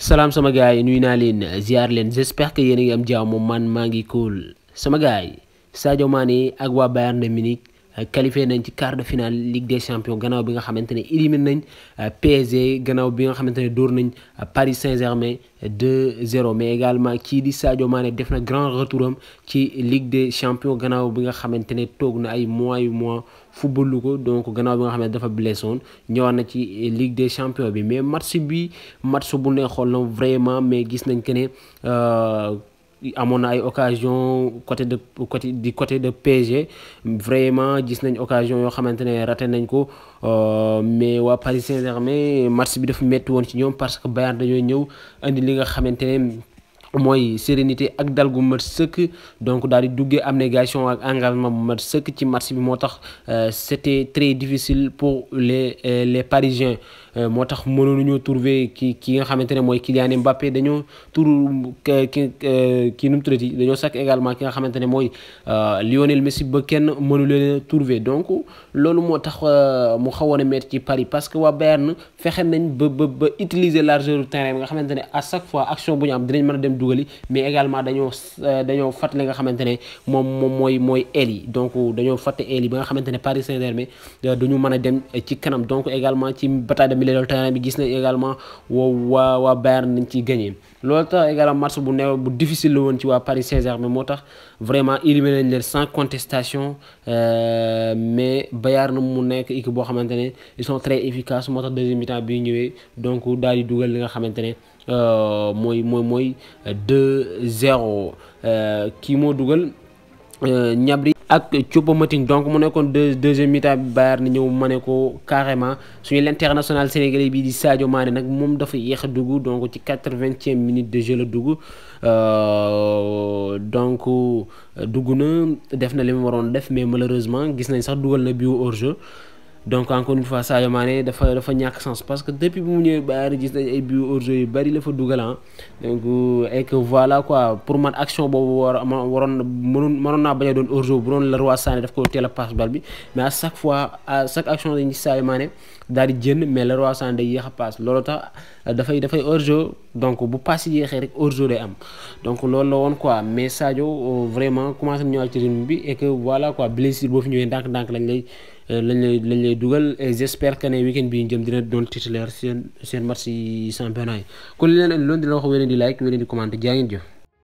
salaam sama gars yi nuyu naa leen ziar leen j'espère que yéen a am jàmm man maa ngi cool sama gars yi Sadio Mané ak waa Bayern de Munich Euh, qualifié nañ ci quart de finale Ligue des Champions gannaaw bi nga xamante ne éliminé nañ euh, PSG gannaaw bi nga xamante ne nañ euh, Paris Saint-Germain 2-0 mais également kii di Sadio Mané def na grand retour ci Ligue des Champions gannaaw bi nga xamante ne toog na ay mois yu mois footballu ko donc gannaaw bi nga xam ne dafa blessé woon ñëwaat na ci Ligue des Champions bi mais match bi match bu vraiment mais gis nañ que ne à mon ay occasion côté de côté du côté de PSG vraiment gis nañ occasion yo xamantene raté nañ ko euh, mais wa Paris Saint-Germain match bi dafa metti won ci ñom parce que Bayern de ñëw andi li nga xamantene moy sérénité ak dal gu mat donc dal di duggee abnégation ak engagement bu mat seuk ci match bi motax euh, c'était très difficile pour les euh, les parisiens euh, motax tax ñu trouver ki ki nga xamantene moy Kylian Mbappé dañu tour ki ki num mu dañu sak également ki nga xamantene moy Lionel Messi ba kenn mënu le a trouver donc lolu motax mu xawone met ci Paris parce que wa Bayern fexé nañ ba ba ba utiliser largeur du terrain nga xamantene à chaque fois action bu ñu am dinañ mëna a mais également dañoo euh, dañoo fat li nga xamantene mom mom moy moy moi donc dañoo fàtte eli ba nga xamantene Paris Saint-Germain euh, duñu mëna dem euh, ci kanam donc également ci bataille de milieu de terrain bi gis également wa wa, waa Bayern gagne ci gagné également match bu neew bu difficile la woon ci wa Paris Saint-Germain motax vraiment il nañ sans contestation mais Bayern mu nekk équipe bo xamantene ils sont très efficaces motax deuxième mi-temps bi donc daal di dugal li nga xamantene euh, moi moi moi 2-0 mo moo euh ñabri euh, ak choupo donc mu nekkoon de deuxième mi-temps bi Bayern ñëw mané ko carrément suñu l'international sénégalais bi di Sadio Mané nak mom dafa duggu donc ci quatre-vingtième minute de jeu le euh donc dugg def na li waron def mais malheureusement gis nañ sax na hors jeu donc encore une fois Sadio Mané dafa dafa ñak sens parce que depuis bu mu ñëwee Bayern gis nañ ay buts hors-jeu yu bëri la fa dugal hein donc euh, et que voilà quoi pour man action boobu war ma mënon na baña naa doon hors-jeu bu doon roi Sané daf ko teel passe bal bi mais à chaque fois à chaque action dañuy gis Sadio Mané daal di jënd mais le roi Sané day yéex a passe loolu tax euh, dafay dafay hors-jeu donc bu passe yi yéexee rek hors-jeu lay am donc loolu la won quoi mais Sadio euh, vraiment commencé na ñëwaat ci rythme bi et que voilà quoi blessure bo fi ñëwee ndànk-ndànk lañ lay. Euh, lañ lay lañ lay dugal et j' espère que ne week-end bi ñu dina doon titulaire seen seen match yi championnat yi kon li leen andi loolu dina wax wéy di like wéy di commenter jaa ngeen jëf